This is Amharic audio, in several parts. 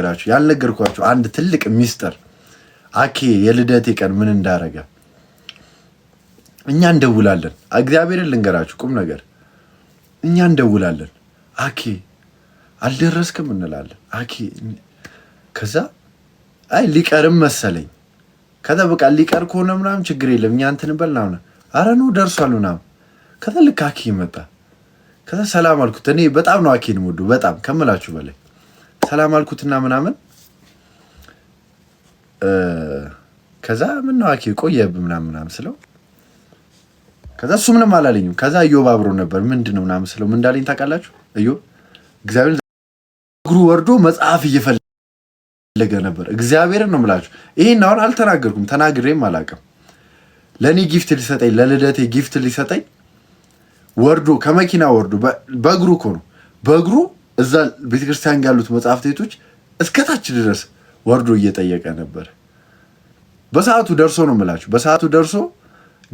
ነገራችሁ ያልነገርኳችሁ አንድ ትልቅ ሚስጥር አኬ የልደቴ ቀን ምን እንዳረገ እኛ እንደውላለን። እግዚአብሔርን ልንገራችሁ ቁም ነገር እኛ እንደውላለን። አኬ አልደረስክም እንላለን። አኬ ከዛ አይ ሊቀርም መሰለኝ። ከዛ በቃ ሊቀር ከሆነ ምናምን ችግር የለም እኛ እንትን በል ናምና አረ ነው ደርሷል ምናምን። ከዛ ልክ አኬ መጣ። ከዛ ሰላም አልኩት። እኔ በጣም ነው አኬን ወዱ በጣም ከምላችሁ በላይ ሰላም አልኩትና ምናምን ከዛ ምነው አኬ ቆየብህ ምናምን ምናምን ስለው ከዛ እሱ ምንም አላለኝም። ከዛ እዮብ አብሮ ነበር። ምንድን ነው ምናምን ስለው ምን እንዳለኝ ታውቃላችሁ? እዮብ እግዚአብሔር እግሩ ወርዶ መጽሐፍ እየፈለገ ነበር። እግዚአብሔርን ነው ምላችሁ። ይህን አሁን አልተናገርኩም፣ ተናግሬም አላውቅም። ለእኔ ጊፍት ሊሰጠኝ ለልደቴ ጊፍት ሊሰጠኝ ወርዶ ከመኪና ወርዶ በእግሩ እኮ ነው በእግሩ እዛ ቤተክርስቲያን ያሉት መጽሐፍት ቤቶች እስከታች ድረስ ወርዶ እየጠየቀ ነበር። በሰዓቱ ደርሶ ነው ምላችሁ በሰዓቱ ደርሶ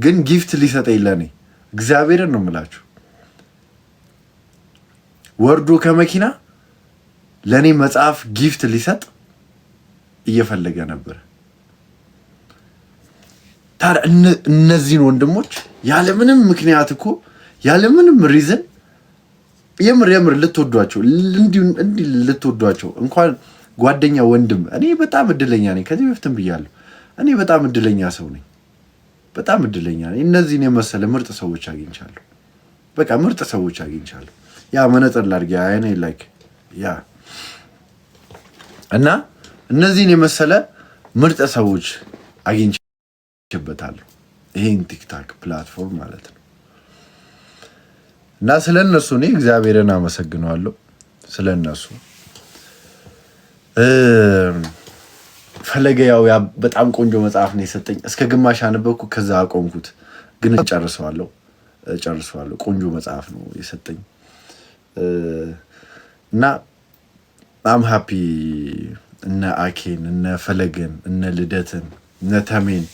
ግን ጊፍት ሊሰጠኝ ለእኔ እግዚአብሔርን ነው ምላችሁ ወርዶ ከመኪና ለእኔ መጽሐፍ ጊፍት ሊሰጥ እየፈለገ ነበር። ታዲያ እነዚህን ወንድሞች ያለምንም ምክንያት እኮ ያለምንም ሪዝን የምር የምር ልትወዷቸው እንዲሁ ልትወዷቸው እንኳን ጓደኛ ወንድም። እኔ በጣም እድለኛ ነኝ፣ ከዚህ በፊትም ብያለሁ። እኔ በጣም እድለኛ ሰው ነኝ፣ በጣም እድለኛ ነኝ። እነዚህን የመሰለ ምርጥ ሰዎች አግኝቻለሁ። በቃ ምርጥ ሰዎች አግኝቻለሁ። ያ መነጽር ላድርግ አይኔ ላይክ ያ እና እነዚህን የመሰለ ምርጥ ሰዎች አግኝቼበታለሁ። ይሄን ቲክታክ ፕላትፎርም ማለት ነው። እና ስለ እነሱ እኔ እግዚአብሔርን አመሰግነዋለሁ። ስለ እነሱ ፈለገ ያው በጣም ቆንጆ መጽሐፍ ነው የሰጠኝ። እስከ ግማሽ አነበብኩ፣ ከዛ አቆምኩት፣ ግን ጨርሰዋለሁ ጨርሰዋለሁ። ቆንጆ መጽሐፍ ነው የሰጠኝ እና በጣም ሀፒ እነ አኬን እነ ፈለገን እነ ልደትን እነ ተሜን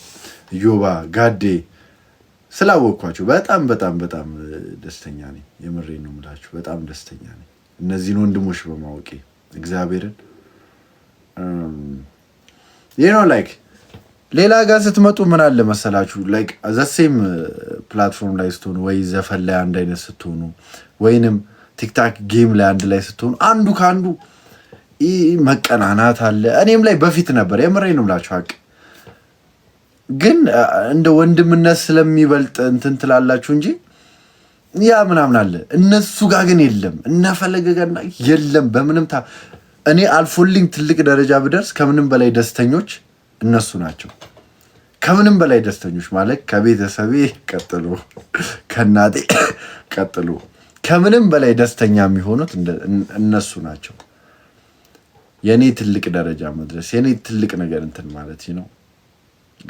ዮባ ጋዴ ስላወቅኳችሁ በጣም በጣም በጣም ደስተኛ ነኝ። የምሬ ነው የምላችሁ፣ በጣም ደስተኛ ነኝ እነዚህን ወንድሞች በማወቄ እግዚአብሔርን። ይህ ነው ላይክ ሌላ ጋር ስትመጡ ምን አለ መሰላችሁ ላይክ ዘሴም ፕላትፎርም ላይ ስትሆኑ ወይ ዘፈን ላይ አንድ አይነት ስትሆኑ ወይንም ቲክታክ ጌም ላይ አንድ ላይ ስትሆኑ አንዱ ከአንዱ መቀናናት አለ። እኔም ላይ በፊት ነበር የምሬ ነው የምላችሁ ሀቅ ግን እንደ ወንድምነት ስለሚበልጥ እንትን ትላላችሁ እንጂ ያ ምናምን አለ። እነሱ ጋር ግን የለም እና የለም። በምንም እኔ አልፎልኝ ትልቅ ደረጃ ብደርስ ከምንም በላይ ደስተኞች እነሱ ናቸው። ከምንም በላይ ደስተኞች ማለት ከቤተሰቤ ቀጥሎ ከእናቴ ቀጥሎ ከምንም በላይ ደስተኛ የሚሆኑት እነሱ ናቸው። የእኔ ትልቅ ደረጃ መድረስ የእኔ ትልቅ ነገር እንትን ማለት ነው።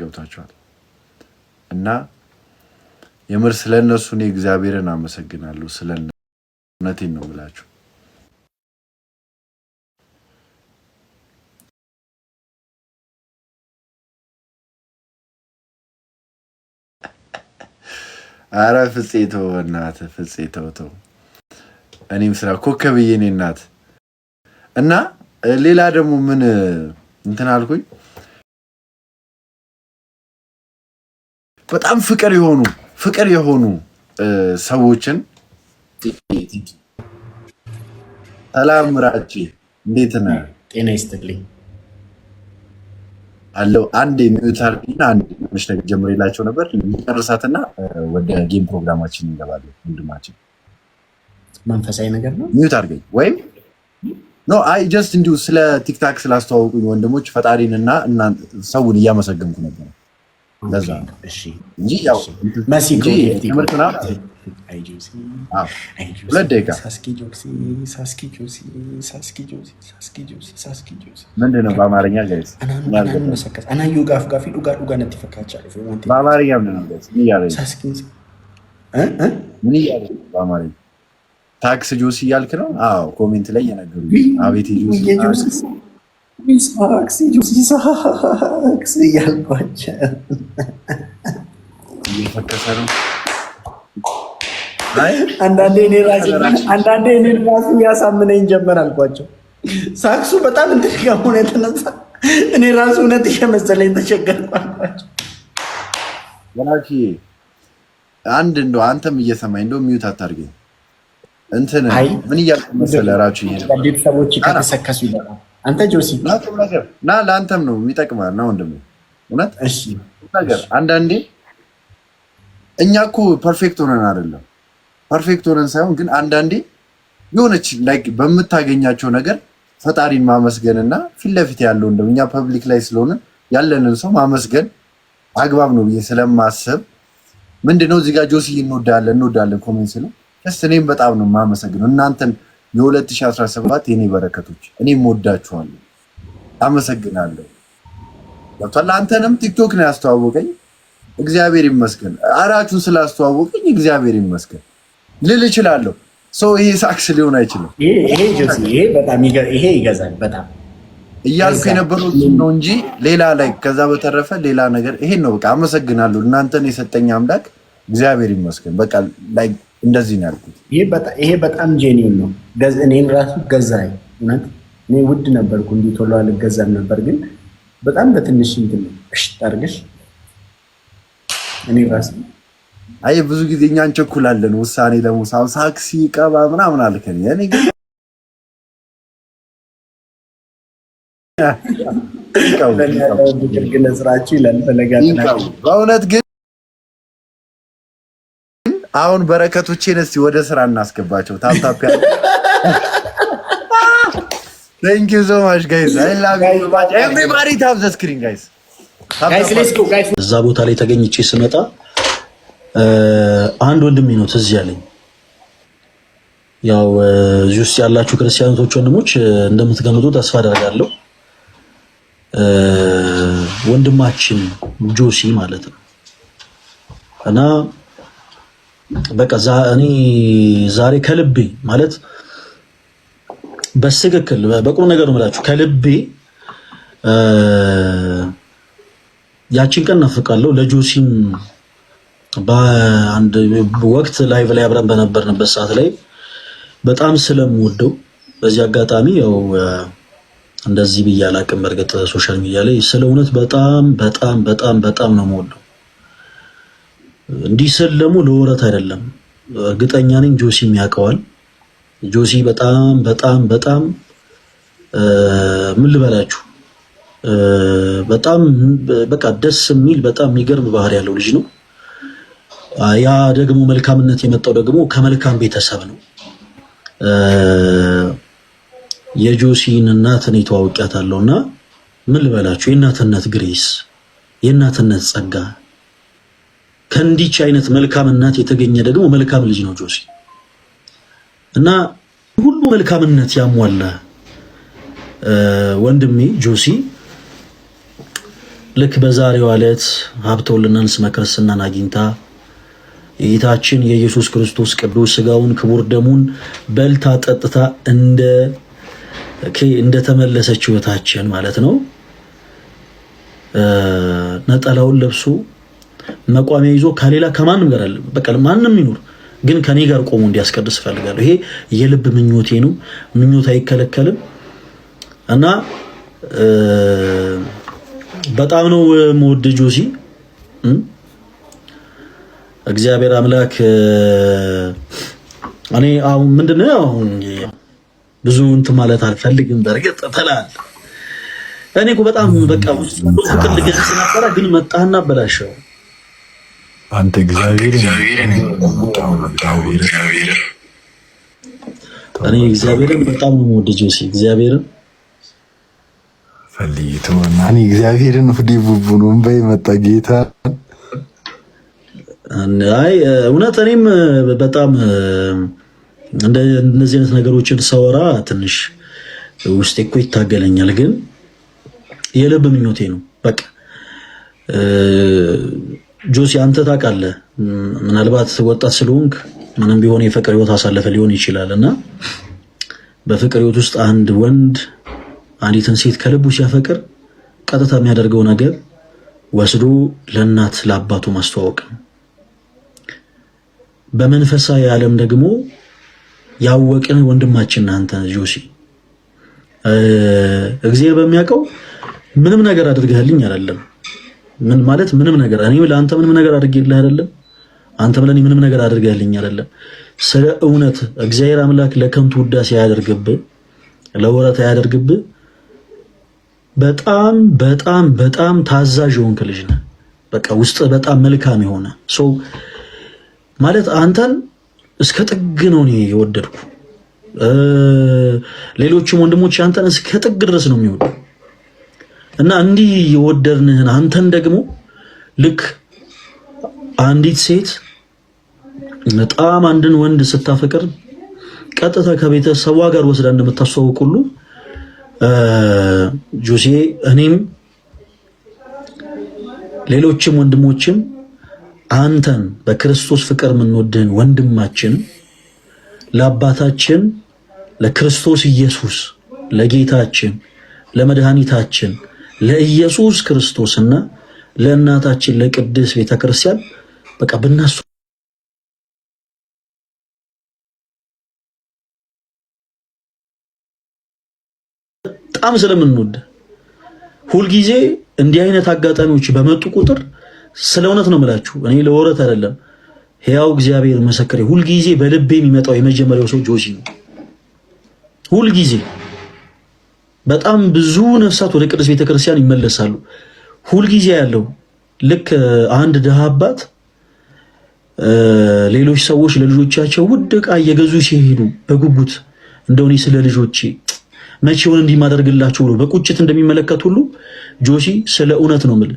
ገብታችኋል። እና የምር ስለ እነሱ እኔ እግዚአብሔርን አመሰግናለሁ። ስለ እውነቴን ነው ብላችሁ አረ ፍፄ ተው በእናትህ ፍፄ ተው ተው። እኔም ስራ ኮከብዬ እኔ እናት እና ሌላ ደግሞ ምን እንትን አልኩኝ። በጣም ፍቅር የሆኑ ፍቅር የሆኑ ሰዎችን ሰላም ራቼ እንዴት ነ ጤና ይስጥልኝ አለው። አንድ የሚዩታርና አንድ ምሽ ነገር ጀምር የላቸው ነበር የሚጨርሳትና ወደ ጌም ፕሮግራማችን እንገባለን። ወንድማችን መንፈሳዊ ነገር ነው። ሚዩት አድርገኝ ወይም ኖ አይ ጀስት እንዲሁ ስለ ቲክታክ ስላስተዋወቁኝ ወንድሞች ፈጣሪንና ሰውን እያመሰገንኩ ነበር። ምንድነው በአማርኛ አናዩ ጋፍ ጋፊ ዱጋ በአማርኛ ምን እያለ ታክስ ጆስ እያልክ ነው? አዎ ኮሜንት ላይ እየነገሩ አቤት ጆስ ይስሐቅ አንዳንዴ እኔ ራሴ አንዳንዴ እኔን ራሱ ያሳምነኝ ጀመር አልኳቸው። ሳክሱ በጣም እንትጋሙን የተነሳ እኔ ራሱ እውነት እየመሰለኝ ተቸገርኩ አልኳቸው። ወላሂ አንድ እንደው አንተም እየሰማኝ እንደው ሚዩት አታርገኝ እንትን ምን እያልኩ መሰለህ ራሱ ቤተሰቦች ከተሰከሱ ይላል አንተ ጆሲ ና ለአንተም ነው የሚጠቅማል። ና ወንድም እውነት ነገር አንዳንዴ እኛ እኮ ፐርፌክት ሆነን አይደለም ፐርፌክት ሆነን ሳይሆን ግን አንዳንዴ የሆነች ላይክ በምታገኛቸው ነገር ፈጣሪን ማመስገን እና ፊት ለፊት ያለው ደግሞ እኛ ፐብሊክ ላይ ስለሆነ ያለንን ሰው ማመስገን አግባብ ነው ብዬ ስለማስብ ምንድነው እዚህ ጋር ጆሲ እንወዳለን እንወዳለን ኮሜንት ስለ ደስ እኔም በጣም ነው የማመሰግነው እናንተን የ2017 የኔ በረከቶች እኔም ወዳችኋለሁ፣ አመሰግናለሁ። ገብቷል። አንተንም ቲክቶክ ነው ያስተዋወቀኝ። እግዚአብሔር ይመስገን። አራቹን ስላስተዋወቀኝ እግዚአብሔር ይመስገን ልል እችላለሁ። ሰው ይሄ ሳክስ ሊሆን አይችልም። ይሄ ይገዛል በጣም እያልኩ የነበረው ነው እንጂ ሌላ ላይ ከዛ በተረፈ ሌላ ነገር ይሄን ነው በቃ አመሰግናለሁ። እናንተን የሰጠኝ አምላክ እግዚአብሔር ይመስገን በቃ ላይ እንደዚህ ነው ያልኩት። ይሄ በጣም ጄኒን ነው። እኔን ራሱ ገዛኝ። እውነት እኔ ውድ ነበርኩ እንዲህ ቶሎ አልገዛም ነበር፣ ግን በጣም በትንሽ እንትን እሽ እሽት እኔ ራሱ አይ ብዙ ጊዜ እኛ እንቸኩላለን ውሳኔ ለመውሰድ ሳክሲ ቀባ ምናምን አልከን እኔ ግን በእውነት ግን አሁን በረከቶቼን እስቲ ወደ ስራ እናስገባቸው። ታፕታፕ ያ Thank you so ማች guys. I love you. Everybody tap the screen guys. እዛ ቦታ ላይ ተገኝቼ ስመጣ አንድ ወንድሜ ነው ትዝ ያለኝ። ያው እዚህ ውስጥ ያላችሁ ክርስቲያኖች ወንድሞች እንደምትገምጡ ተስፋ አደርጋለሁ። ወንድማችን ጆሲ ማለት ነው እና በቃ እኔ ዛሬ ከልቤ ማለት በትክክል በቁም ነገር ነው የምላችሁ ከልቤ ያቺን ቀን ናፍቃለሁ። ለጆሲም በአንድ ወቅት ላይቭ ላይ አብረን በነበርንበት ሰዓት ላይ በጣም ስለምወደው በዚህ አጋጣሚ ያው እንደዚህ ብዬ አላቅም። በእርግጥ ሶሻል ሚዲያ ላይ ስለ እውነት በጣም በጣም በጣም በጣም ነው የምወደው እንዲሰለሙ ለወረት አይደለም። እርግጠኛ ነኝ ጆሲም ያውቀዋል። ጆሲ በጣም በጣም በጣም ምን ልበላችሁ በጣም በቃ ደስ የሚል በጣም የሚገርም ባህሪ ያለው ልጅ ነው። ያ ደግሞ መልካምነት የመጣው ደግሞ ከመልካም ቤተሰብ ነው። የጆሲን እናት እኔ ተዋውቂያታለሁ እና ምን ልበላችሁ የእናትነት ግሬስ የእናትነት ጸጋ ከእንዲች አይነት መልካም እናት የተገኘ ደግሞ መልካም ልጅ ነው ጆሲ እና ሁሉ መልካምነት ያሟላ ወንድሜ ጆሲ ልክ በዛሬው ዕለት ሀብተውልናን ወልድናን ስመ አግኝታ የጌታችን የኢየሱስ ክርስቶስ ቅዱስ ስጋውን ክቡር ደሙን በልታ ጠጥታ እንደ እንደተመለሰች ሕይወታችን ማለት ነው ነጠላውን ለብሶ መቋሚያ ይዞ ከሌላ ከማንም ጋር አለ በቃ ማንም ይኖር ግን ከኔ ጋር ቆሞ እንዲያስቀድስ እፈልጋለሁ። ይሄ የልብ ምኞቴ ነው። ምኞት አይከለከልም እና በጣም ነው መወድ ጆሲ እግዚአብሔር አምላክ እኔ አሁን ምንድነው ብዙ እንትን ማለት አልፈልግም። በርግጥ ተላል እኔ እኮ በጣም በቃ ውስጥ ትልቅ ነበረ፣ ግን መጣህና በላሸው። አንተ እግዚአብሔርን እግዚአብሔርን በጣም ነው የምወደው። ጆሲ እግዚአብሔርን ፈልይቶ እና እኔ እግዚአብሔርን ፍዴ ቡቡ ነው እንበ የመጣ ጌታ አይ እውነት እኔም በጣም እንደዚህ አይነት ነገሮችን ሳወራ ትንሽ ውስጤ እኮ ይታገለኛል፣ ግን የልብ ምኞቴ ነው በቃ ጆሲ አንተ ታውቃለህ፣ ምናልባት ወጣት ስለሆንክ ምንም ቢሆን የፍቅር ህይወት አሳለፈ ሊሆን ይችላል እና በፍቅር ህይወት ውስጥ አንድ ወንድ አንዲትን ሴት ከልቡ ሲያፈቅር ቀጥታ የሚያደርገው ነገር ወስዶ ለእናት ለአባቱ ማስተዋወቅ ነው። በመንፈሳዊ ዓለም ደግሞ ያወቅን ወንድማችን አንተ ጆሲ እግዚአብሔር በሚያውቀው ምንም ነገር አድርገህልኝ አላለም። ምን ማለት ምንም ነገር እኔ ለአንተ ምንም ነገር አድርጌልህ አይደለም፣ አንተም ለእኔ ምንም ነገር አድርገህልኝ አይደለም። ስለ እውነት እግዚአብሔር አምላክ ለከንቱ ውዳሴ አያደርግብህ፣ ለወረት አያደርግብህ። በጣም በጣም በጣም ታዛዥ የሆንክ ልጅ ነህ። በቃ ውስጥ በጣም መልካም የሆነ ሰው ማለት አንተን እስከ ጥግ ነው እኔ የወደድኩ። ሌሎችም ወንድሞች አንተን እስከ ጥግ ድረስ ነው የሚወዱ እና እንዲህ የወደድንህን አንተን ደግሞ ልክ አንዲት ሴት በጣም አንድን ወንድ ስታፈቅር ቀጥታ ከቤተሰቧ ጋር ወስዳ እንደምታስተዋውቅ ሁሉ ጆሴ እኔም ሌሎችም ወንድሞችም አንተን በክርስቶስ ፍቅር የምንወድህን ወንድማችን ለአባታችን ለክርስቶስ ኢየሱስ ለጌታችን ለመድኃኒታችን ለኢየሱስ ክርስቶስና ለእናታችን ለቅድስት ቤተ ክርስቲያን በቃ በእነሱ በጣም ስለምንወድ ሁልጊዜ እንዲህ አይነት አጋጣሚዎች በመጡ ቁጥር ስለ እውነት ነው የምላችሁ፣ እኔ ለወረት አይደለም። ሕያው እግዚአብሔር ምስክሬ፣ ሁልጊዜ በልቤ የሚመጣው የመጀመሪያው ሰው ጆሲ ነው። ሁልጊዜ በጣም ብዙ ነፍሳት ወደ ቅዱስ ቤተክርስቲያን ይመለሳሉ። ሁልጊዜ ያለው ልክ አንድ ድሃ አባት ሌሎች ሰዎች ለልጆቻቸው ውድ ዕቃ እየገዙ ሲሄዱ በጉጉት እንደሆነ ስለ ልጆቼ መቼውን እንዲማደርግላቸው ብሎ በቁጭት እንደሚመለከት ሁሉ ጆሲ ስለ እውነት ነው ምል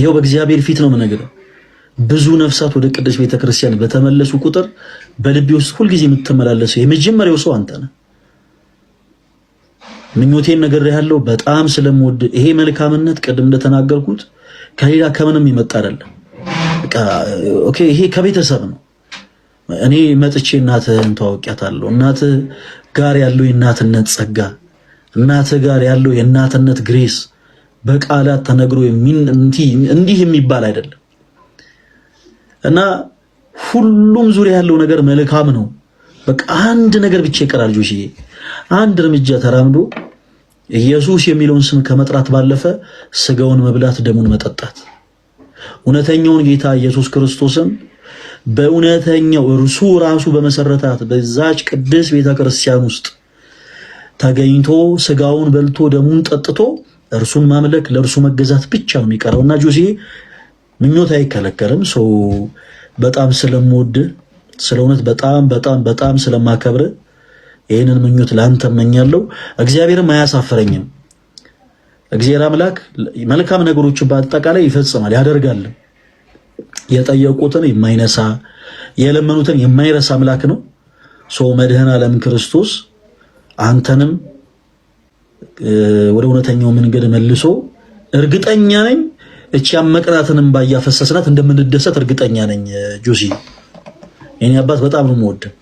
ይኸው በእግዚአብሔር ፊት ነው የምነግርህ። ብዙ ነፍሳት ወደ ቅዱስ ቤተክርስቲያን በተመለሱ ቁጥር በልቤ ውስጥ ሁልጊዜ የምትመላለሰው የመጀመሪያው ሰው አንተ ነህ። ምኞቴን ነገር ያለው በጣም ስለምወድ ይሄ መልካምነት ቅድም እንደተናገርኩት ከሌላ ከምንም ይመጣ አይደለም። ኦኬ ይሄ ከቤተሰብ ነው። እኔ መጥቼ እናትህን ተዋውቂያታለሁ። እናትህ ጋር ያለው የእናትነት ጸጋ፣ እናትህ ጋር ያለው የእናትነት ግሬስ በቃላት ተነግሮ እንዲህ የሚባል አይደለም እና ሁሉም ዙሪያ ያለው ነገር መልካም ነው። በቃ አንድ ነገር ብቻ ይቀራል ልጆችዬ አንድ እርምጃ ተራምዶ ኢየሱስ የሚለውን ስም ከመጥራት ባለፈ ስጋውን መብላት፣ ደሙን መጠጣት እውነተኛውን ጌታ ኢየሱስ ክርስቶስን በእውነተኛው እርሱ ራሱ በመሰረታት በዛች ቅድስት ቤተ ክርስቲያን ውስጥ ተገኝቶ ስጋውን በልቶ ደሙን ጠጥቶ እርሱን ማምለክ ለእርሱ መገዛት ብቻ ነው የሚቀረው እና ጆሴ ምኞት አይከለከልም። ሰው በጣም ስለምወድ ስለ እውነት በጣም በጣም በጣም ስለማከብር ይህንን ምኞት ለአንተ እመኛለሁ። እግዚአብሔርም አያሳፍረኝም። እግዚአብሔር አምላክ መልካም ነገሮች በአጠቃላይ ይፈጽማል ያደርጋል። የጠየቁትን የማይነሳ የለመኑትን የማይረሳ አምላክ ነው። ሰው መድህን ዓለም ክርስቶስ አንተንም ወደ እውነተኛው መንገድ መልሶ እርግጠኛ ነኝ እቺ ያመቅናትንም ባያፈሰስናት እንደምንደሰት እርግጠኛ ነኝ። ጆሲ የኔ አባት በጣም ነው የምወደው።